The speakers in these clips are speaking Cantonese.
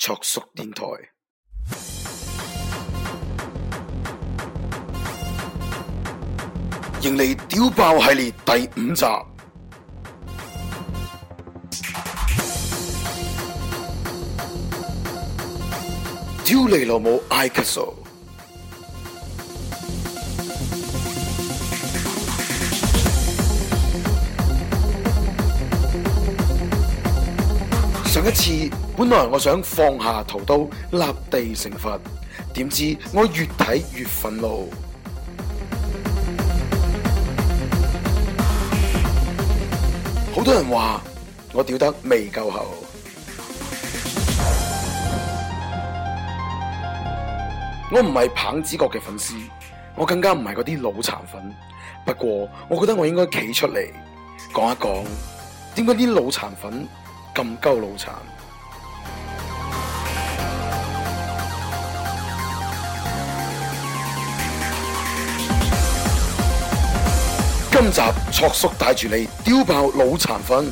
卓叔電台，迎嚟屌爆系列第五集，屌你老母 I 卡數，上一次。本來我想放下屠刀立地成佛，點知我越睇越憤怒。好多人話我屌得未夠喉，我唔係棒子國嘅粉絲，我更加唔係嗰啲腦殘粉。不過我覺得我應該企出嚟講一講，點解啲腦殘粉咁鳩腦殘？今集卓叔帶住你丟爆腦殘粉，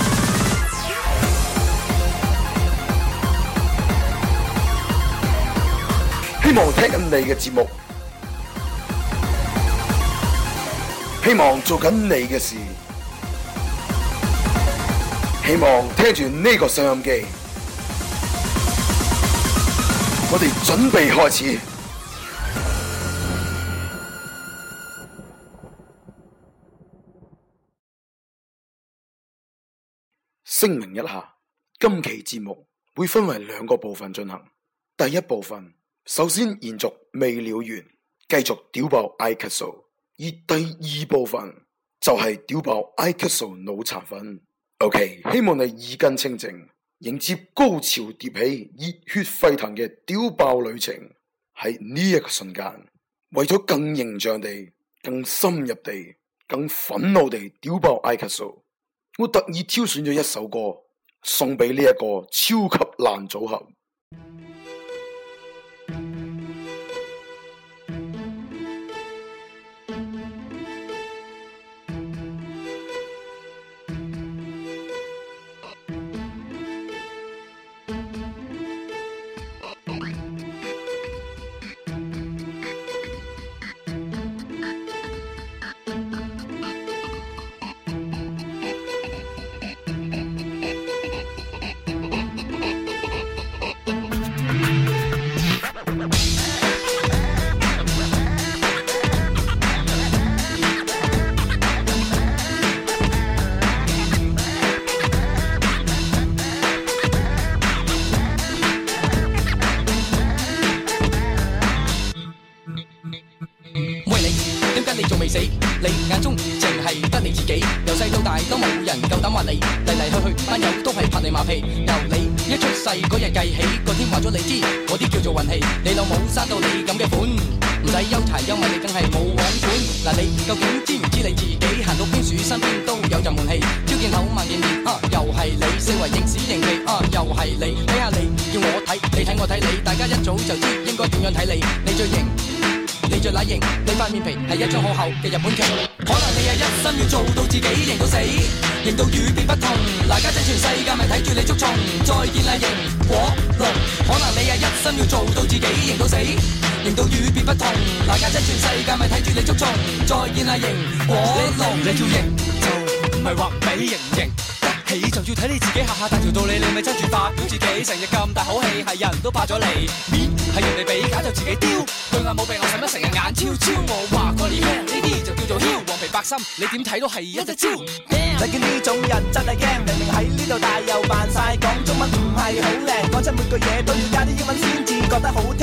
希望聽緊你嘅節目，希望做緊你嘅事，希望聽住呢個收音機，我哋準備開始。聲明一下，今期節目會分為兩個部分進行。第一部分首先延續未了完，繼續屌爆 Icaso；而第二部分就係、是、屌爆 Icaso 腦殘粉。O.K.，希望你耳根清淨，迎接高潮迭起、熱血沸騰嘅屌爆旅程。喺呢一個瞬間，為咗更形象地、更深入地、更憤怒地屌爆 Icaso。我特意挑選咗一首歌，送俾呢一個超級爛組合。係你睇下你，要我睇你睇我睇你，大家一早就知應該點樣睇你。你最型，你最乸型，你塊面皮係一張好厚嘅日本旗。可能你係一心要做到自己，型到死，型到與別不同。大家真全世界咪睇住你捉蟲，再見啦型果龍。可能你係一心要做到自己，型到死，型到與別不同。大家真全世界咪睇住你捉蟲，再見啦型果龍。你叫型就唔係話俾你型唔型？起就要睇你自己下下大條道理，你咪爭住發表自己，成日咁大口氣，係人都怕咗你。面係人哋畀假就自己丟，對眼冇病，我使乜成日眼超超？我話過你聽，呢啲就叫做蕉，黃皮白心，你點睇都係一隻蕉。你見呢種人真係驚，明明喺呢度大又扮晒。講中文唔係好靚，講真每個嘢都要加啲英文先至覺得好。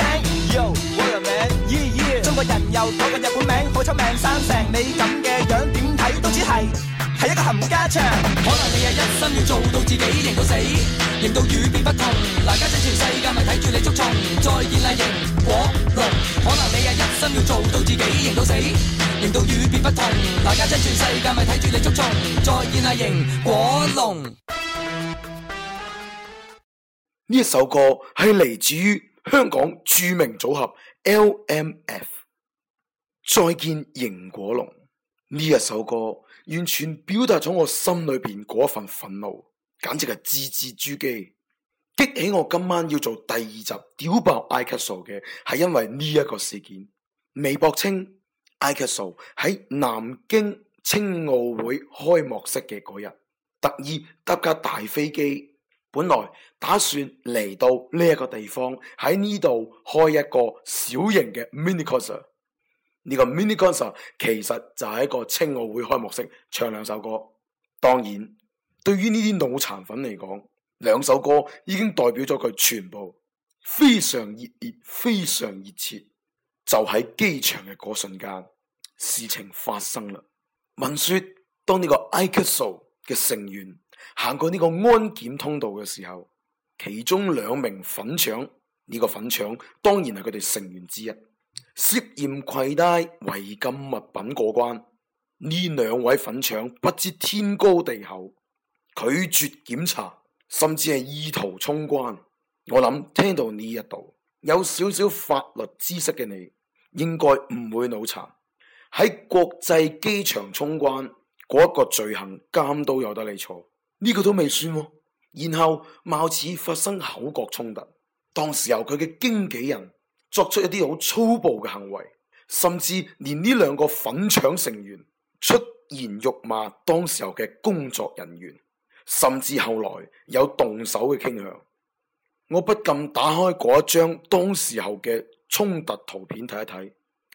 幾型到死，型到與別不同，大家真全世界咪睇住你捉蟲。再見啦，螢光幕，可能你啊一生要做到自己型到死，型到與別不同，大家真全世界咪睇住你捉蟲。再見啦，螢光幕。呢一首歌係嚟自於香港著名組合 LMF，《再見螢光幕》呢一首歌完全表達咗我心裏邊嗰份憤怒。簡直係字字珠璣，激起我今晚要做第二集屌爆 Icaso 嘅，係因為呢一個事件。微博稱 Icaso 喺南京青奧會開幕式嘅嗰日，特意搭架大飛機，本來打算嚟到呢一個地方喺呢度開一個小型嘅 mini concert。呢個 mini concert 其實就係一個青奧會開幕式唱兩首歌，當然。對於呢啲腦殘粉嚟講，兩首歌已經代表咗佢全部，非常熱烈，非常熱切。就喺機場嘅嗰瞬間，事情發生啦。聞說，當呢個埃克蘇嘅成員行過呢個安檢通道嘅時候，其中兩名粉腸，呢、這個粉腸當然係佢哋成員之一，涉嫌携帶違禁物品過關。呢兩位粉腸不知天高地厚。拒絕檢查，甚至係意圖衝關。我諗聽到呢一度有少少法律知識嘅你，應該唔會腦殘。喺國際機場衝關嗰一個罪行，監都有得你坐。呢、這個都未算喎，然後貌似發生口角衝突。當時由佢嘅經紀人作出一啲好粗暴嘅行為，甚至連呢兩個粉腸成員出言辱罵當時候嘅工作人員。甚至後來有動手嘅傾向，我不禁打開嗰一張當時候嘅衝突圖片睇一睇，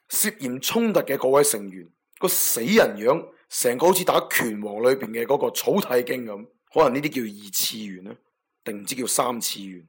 涉嫌衝突嘅嗰位成員，個死人樣，成個好似打拳王裏邊嘅嗰個草薙京咁，可能呢啲叫二次元咧，定唔知叫三次元。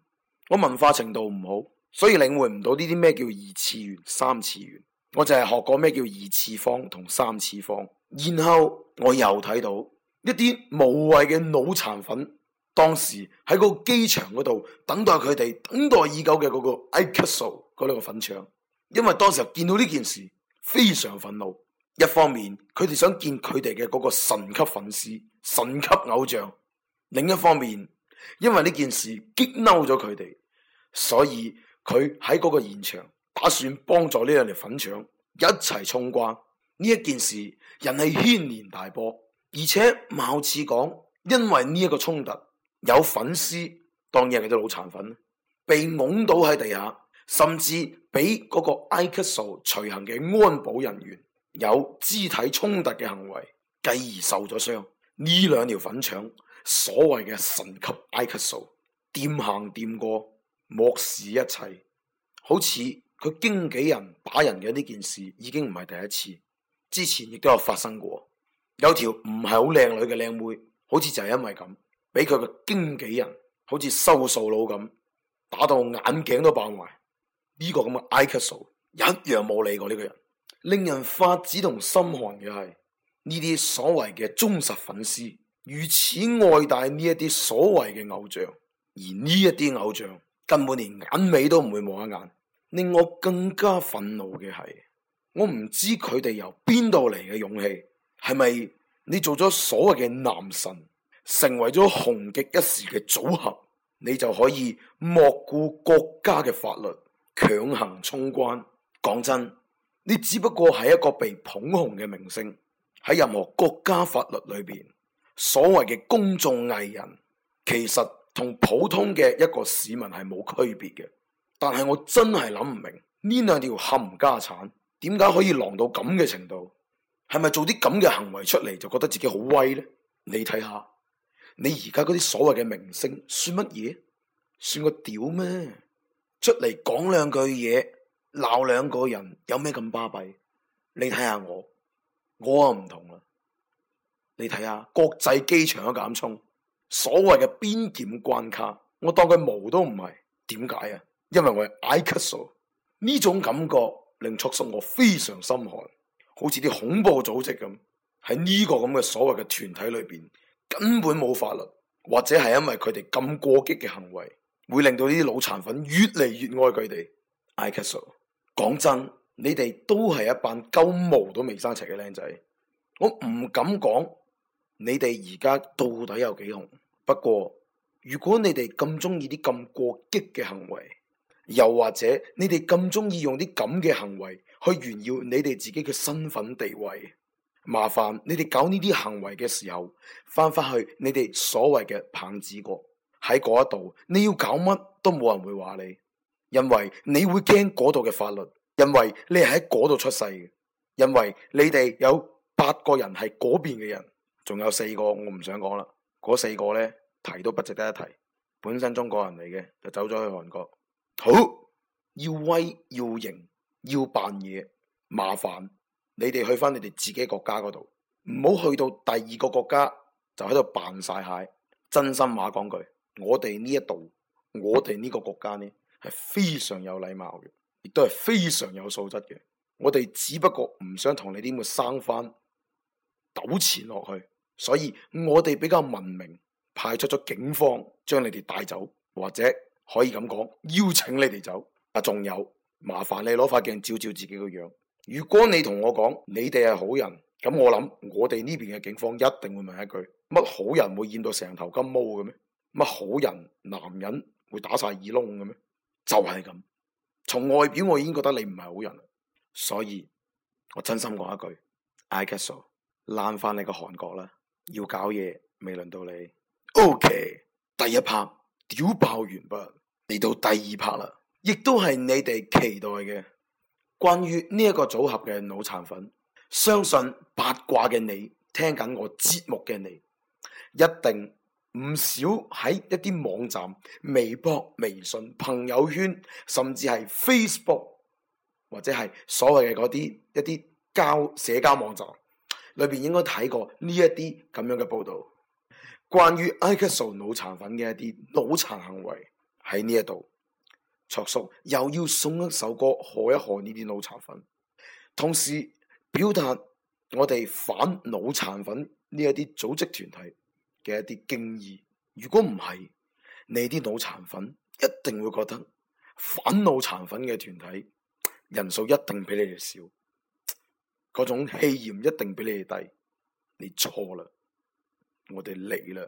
我文化程度唔好，所以領會唔到呢啲咩叫二次元、三次元。我淨係學過咩叫二次方同三次方，然後我又睇到。一啲無謂嘅腦殘粉，當時喺個機場嗰度等待佢哋等待已久嘅嗰個艾克索嗰兩個粉腸，因為當時見到呢件事非常憤怒，一方面佢哋想見佢哋嘅嗰個神級粉絲、神級偶像，另一方面因為呢件事激嬲咗佢哋，所以佢喺嗰個現場打算幫助呢兩條粉腸一齊衝關。呢一件事引起軒然大波。而且，貌似講，因為呢一個衝突，有粉絲當人哋做腦殘粉，被懵倒喺地下，甚至俾嗰個埃克蘇隨行嘅安保人員有肢體衝突嘅行為，繼而受咗傷。呢兩條粉腸，所謂嘅神級埃克蘇，掂行掂過，漠視一切，好似佢經紀人打人嘅呢件事已經唔係第一次，之前亦都有發生過。有條唔係好靚女嘅靚妹，好似就係因為咁，俾佢嘅經紀人好似收數佬咁打到眼鏡都爆埋。呢、這個咁嘅 i c o、so, 一樣冇理過呢個人。令人髮指同心寒嘅係呢啲所謂嘅忠實粉絲如此愛戴呢一啲所謂嘅偶像，而呢一啲偶像根本連眼尾都唔會望一眼。令我更加憤怒嘅係，我唔知佢哋由邊度嚟嘅勇氣。係咪你做咗所謂嘅男神，成為咗紅極一時嘅組合，你就可以莫顧國家嘅法律，強行衝關？講真，你只不過係一個被捧紅嘅明星，喺任何國家法律裏邊，所謂嘅公眾藝人，其實同普通嘅一個市民係冇區別嘅。但係我真係諗唔明呢兩條冚家鏟，點解可以狼到咁嘅程度？係咪做啲咁嘅行為出嚟就覺得自己好威咧？你睇下，你而家嗰啲所謂嘅明星算乜嘢？算個屌咩？出嚟講兩句嘢，鬧兩個人，有咩咁巴閉？你睇下我，我啊唔同啦。你睇下國際機場嘅減速，所謂嘅邊檢關卡，我當佢毛都唔係。點解啊？因為我係矮級數，呢種感覺令促使我非常心寒。好似啲恐怖組織咁，喺呢個咁嘅所謂嘅團體裏邊，根本冇法律，或者係因為佢哋咁過激嘅行為，會令到呢啲腦殘粉越嚟越愛佢哋。I guess so. 講真，你哋都係一班鳩毛都未生齊嘅靚仔，我唔敢講你哋而家到底有幾紅。不過，如果你哋咁中意啲咁過激嘅行為，又或者你哋咁中意用啲咁嘅行為去炫耀你哋自己嘅身份地位，麻煩你哋搞呢啲行為嘅時候，翻返去你哋所謂嘅棒子國喺嗰一度，你要搞乜都冇人會話你，因為你會驚嗰度嘅法律，因為你係喺嗰度出世嘅，因為你哋有八個人係嗰邊嘅人，仲有四個，我唔想講啦，嗰四個咧提都不值得一提，本身中國人嚟嘅，就走咗去韓國。好，要威要型要扮嘢，麻煩，你哋去翻你哋自己國家嗰度，唔好去到第二個國家就喺度扮晒蟹。真心話講句，我哋呢一度，我哋呢個國家呢係非常有禮貌嘅，亦都係非常有素質嘅。我哋只不過唔想同你啲咁嘅生番糾纏落去，所以我哋比較文明，派出咗警方將你哋帶走或者。可以咁講，邀請你哋走。啊，仲有麻煩你攞塊鏡照照自己個樣。如果你同我講你哋係好人，咁我諗我哋呢邊嘅警方一定會問一句：乜好人會染到成頭金毛嘅咩？乜好人男人會打晒耳窿嘅咩？就係咁。從外表我已經覺得你唔係好人，所以我真心講一句，I guess so，爛返你個韓國啦！要搞嘢未輪到你。OK，第一拍。屌爆完噃，嚟到第二 part 啦，亦都係你哋期待嘅。關於呢一個組合嘅腦殘粉，相信八卦嘅你，聽緊我節目嘅你，一定唔少喺一啲網站、微博、微信、朋友圈，甚至係 Facebook 或者係所謂嘅嗰啲一啲交社交網站裏邊，應該睇過呢一啲咁樣嘅報道。關於 iCasual 腦殘粉嘅一啲腦殘行為喺呢一度，卓叔又要送一首歌賀一賀呢啲腦殘粉，同時表達我哋反腦殘粉呢一啲組織團體嘅一啲敬意。如果唔係，你啲腦殘粉一定會覺得反腦殘粉嘅團體人數一定比你哋少，嗰種氣焰一定比你哋低。你錯啦。我哋嚟啦！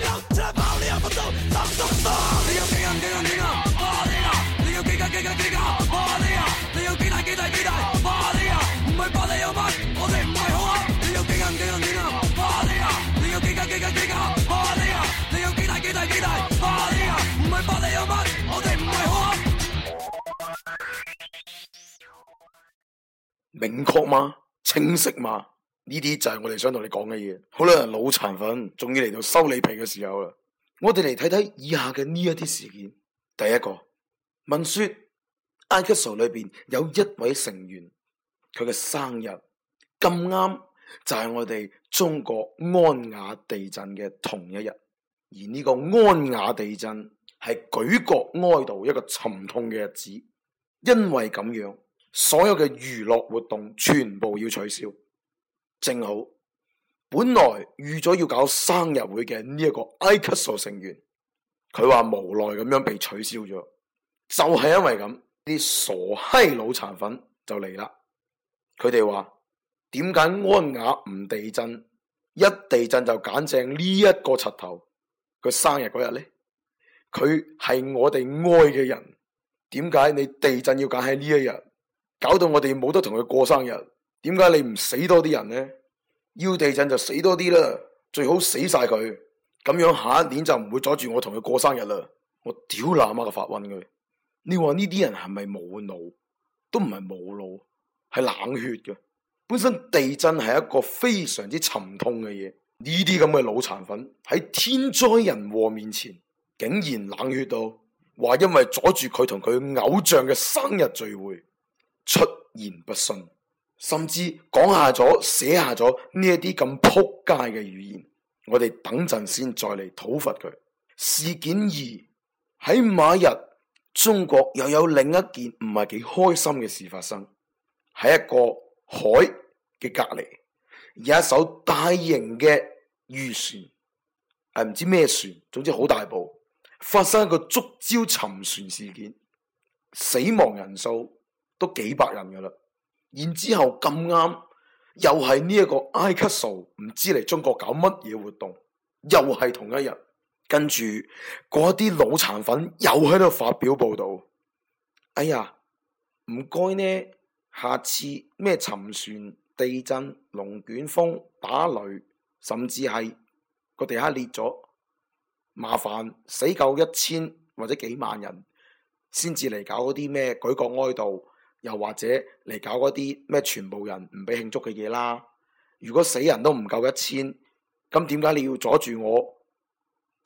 明確嘛，清晰嘛？呢啲就係我哋想同你講嘅嘢。好啦，腦殘粉，終於嚟到收你皮嘅時候啦！我哋嚟睇睇以下嘅呢一啲事件。第一個，聞說 Iglesio 裏邊有一位成員，佢嘅生日咁啱就係我哋中國安雅地震嘅同一日，而呢個安雅地震係舉國哀悼一個沉痛嘅日子，因為咁樣。所有嘅娛樂活動全部要取消，正好本來預咗要搞生日會嘅呢一個 i c a t 成員，佢話無奈咁樣被取消咗，就係因為咁，啲傻閪腦殘粉就嚟啦。佢哋話點解安雅唔地震，一地震就揀正呢一個柒頭佢生日嗰日咧？佢係我哋愛嘅人，點解你地震要揀喺呢一日？搞到我哋冇得同佢過生日，點解你唔死多啲人呢？要地震就死多啲啦，最好死晒佢，咁樣下一年就唔會阻住我同佢過生日啦。我屌你阿媽個發瘟佢，你話呢啲人係咪冇腦？都唔係冇腦，係冷血嘅。本身地震係一個非常之沉痛嘅嘢，呢啲咁嘅腦殘粉喺天災人禍面前，竟然冷血到話因為阻住佢同佢偶像嘅生日聚會。出言不遜，甚至講下咗、寫下咗呢一啲咁扑街嘅語言，我哋等陣先再嚟討伐佢。事件二喺馬日，中國又有另一件唔係幾開心嘅事發生，喺一個海嘅隔籬，有一艘大型嘅漁船，誒、啊、唔知咩船，總之好大部，發生一個觸礁沉船事件，死亡人數。都幾百人噶啦，然之後咁啱又係呢一個埃及數唔知嚟中國搞乜嘢活動，又係同一日，跟住嗰啲腦殘粉又喺度發表報道。哎呀，唔該呢，下次咩沉船、地震、龍捲風、打雷，甚至係個地下裂咗，麻煩死夠一千或者幾萬人先至嚟搞嗰啲咩舉國哀悼。又或者嚟搞嗰啲咩全部人唔俾慶祝嘅嘢啦？如果死人都唔夠一千，咁點解你要阻住我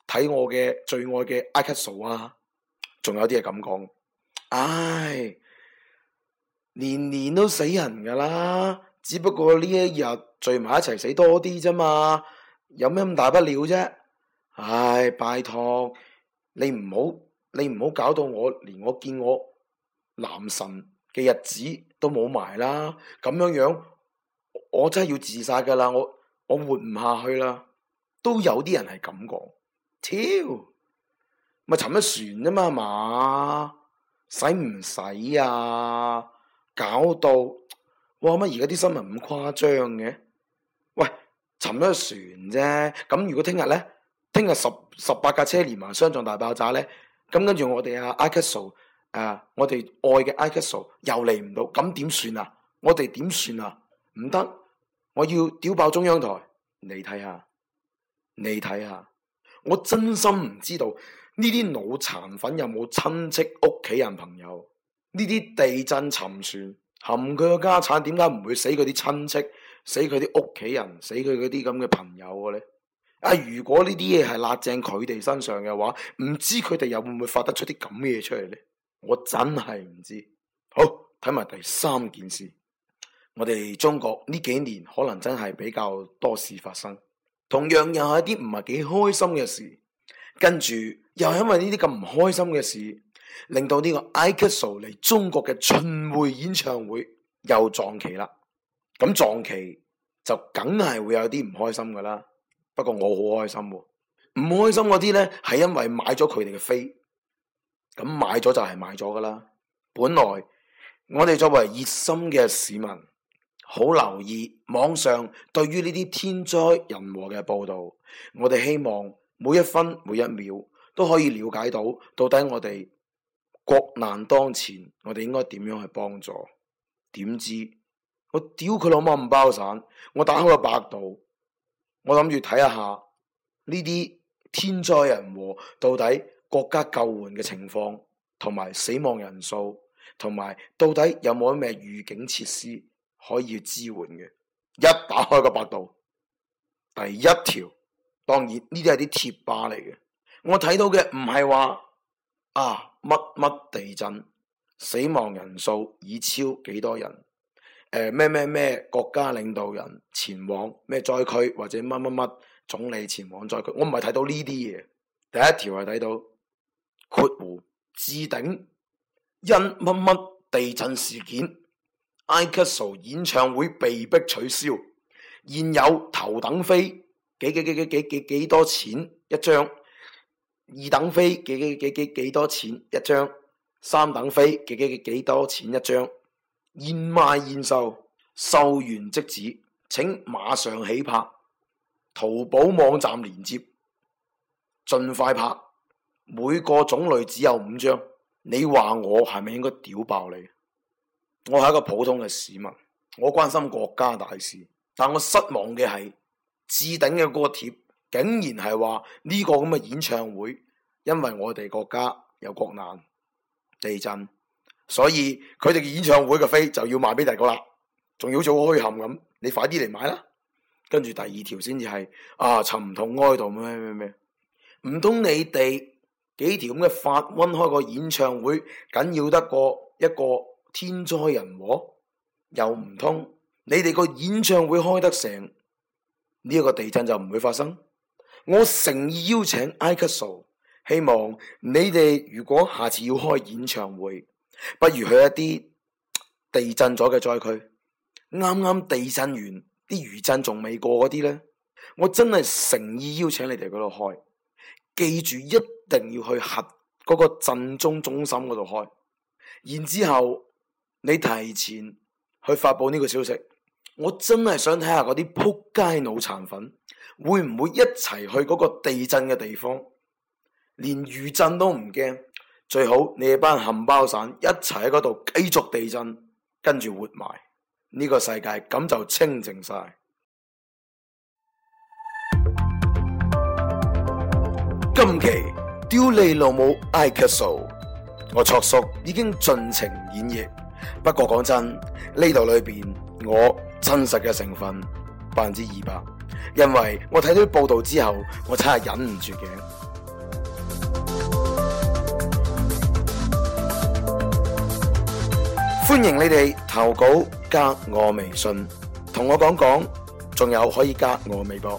睇我嘅最愛嘅埃克蘇啊？仲有啲嘢咁講，唉，年年都死人噶啦，只不過呢一日聚埋一齊死多啲啫嘛，有咩咁大不了啫？唉，拜託你唔好你唔好搞到我，連我見我男神嘅日子都冇埋啦，咁樣樣我真係要自殺噶啦，我我活唔下去啦。都有啲人係咁講，跳咪沉咗船啫嘛，係嘛，使唔使啊？搞到哇乜而家啲新聞咁誇張嘅？喂，沉咗個船啫，咁如果聽日咧，聽日十十八架車連環相撞大爆炸咧，咁跟住我哋啊阿。啊！我哋愛嘅 iQOO 又嚟唔到，咁點算啊？我哋點算啊？唔得！我要屌爆中央台！你睇下，你睇下，我真心唔知道呢啲腦殘粉有冇親戚、屋企人、朋友？呢啲地震沉船冚佢個家產，點解唔會死佢啲親戚、死佢啲屋企人、死佢嗰啲咁嘅朋友嘅咧？啊！如果呢啲嘢係辣正佢哋身上嘅話，唔知佢哋又會唔會發得出啲咁嘅嘢出嚟咧？我真係唔知。好，睇埋第三件事。我哋中國呢幾年可能真係比較多事發生，同樣又係一啲唔係幾開心嘅事。跟住又係因為呢啲咁唔開心嘅事，令到呢個艾克蘇嚟中國嘅巡迴演唱會又撞期啦。咁撞期就梗係會有啲唔開心噶啦。不過我好開心，唔開心嗰啲咧係因為買咗佢哋嘅飛。咁買咗就係買咗㗎喇，本來我哋作為熱心嘅市民，好留意網上對於呢啲天災人禍嘅報道，我哋希望每一分每一秒都可以了解到，到底我哋國難當前，我哋應該點樣去幫助。點知我屌佢老母唔包散，我打開個百度，我諗住睇一下呢啲天災人禍到底。國家救援嘅情況，同埋死亡人數，同埋到底有冇咩預警設施可以支援嘅？一打開個百度，第一條，當然呢啲係啲貼吧嚟嘅。我睇到嘅唔係話啊乜乜地震，死亡人數已超幾多人，誒咩咩咩國家領導人前往咩災區或者乜乜乜總理前往災區。我唔係睇到呢啲嘢，第一條係睇到。括弧置頂，因乜乜地震事件 i q s h o 演唱會被迫取消。現有頭等飛幾幾幾幾幾幾幾多錢一張？二等飛幾幾幾幾幾多錢一張？三等飛幾幾幾幾多錢一張？現賣現售，售完即止，請馬上起拍。淘寶網站鏈接，盡快拍。每個種類只有五張，你話我係咪應該屌爆你？我係一個普通嘅市民，我關心國家大事，但我失望嘅係置頂嘅嗰個貼，竟然係話呢個咁嘅演唱會，因為我哋國家有國難、地震，所以佢哋嘅演唱會嘅飛就要賣俾大家啦，仲要做好墟冚咁，你快啲嚟買啦。跟住第二條先至係啊，沉痛哀悼咩咩咩，唔通你哋？幾條咁嘅法溫開個演唱會，緊要得過一個天災人禍？又唔通你哋個演唱會開得成，呢、這、一個地震就唔會發生？我誠意邀請埃克蘇，so, 希望你哋如果下次要開演唱會，不如去一啲地震咗嘅災區，啱啱地震完，啲餘震仲未過嗰啲呢，我真係誠意邀請你哋嗰度開。記住一定要去核嗰個震中中心嗰度開，然之後你提前去發佈呢個消息。我真係想睇下嗰啲撲街腦殘粉會唔會一齊去嗰個地震嘅地方，連餘震都唔驚。最好你哋班冚包散一齊喺嗰度繼續地震，跟住活埋呢個世界，咁就清淨晒。今期《屌你老母》I Castle，我卓叔已經盡情演繹。不過講真，呢度裏邊我真實嘅成分百分之二百，因為我睇到報道之後，我真係忍唔住嘅。歡迎你哋投稿加我微信，同我講講，仲有可以加我微博。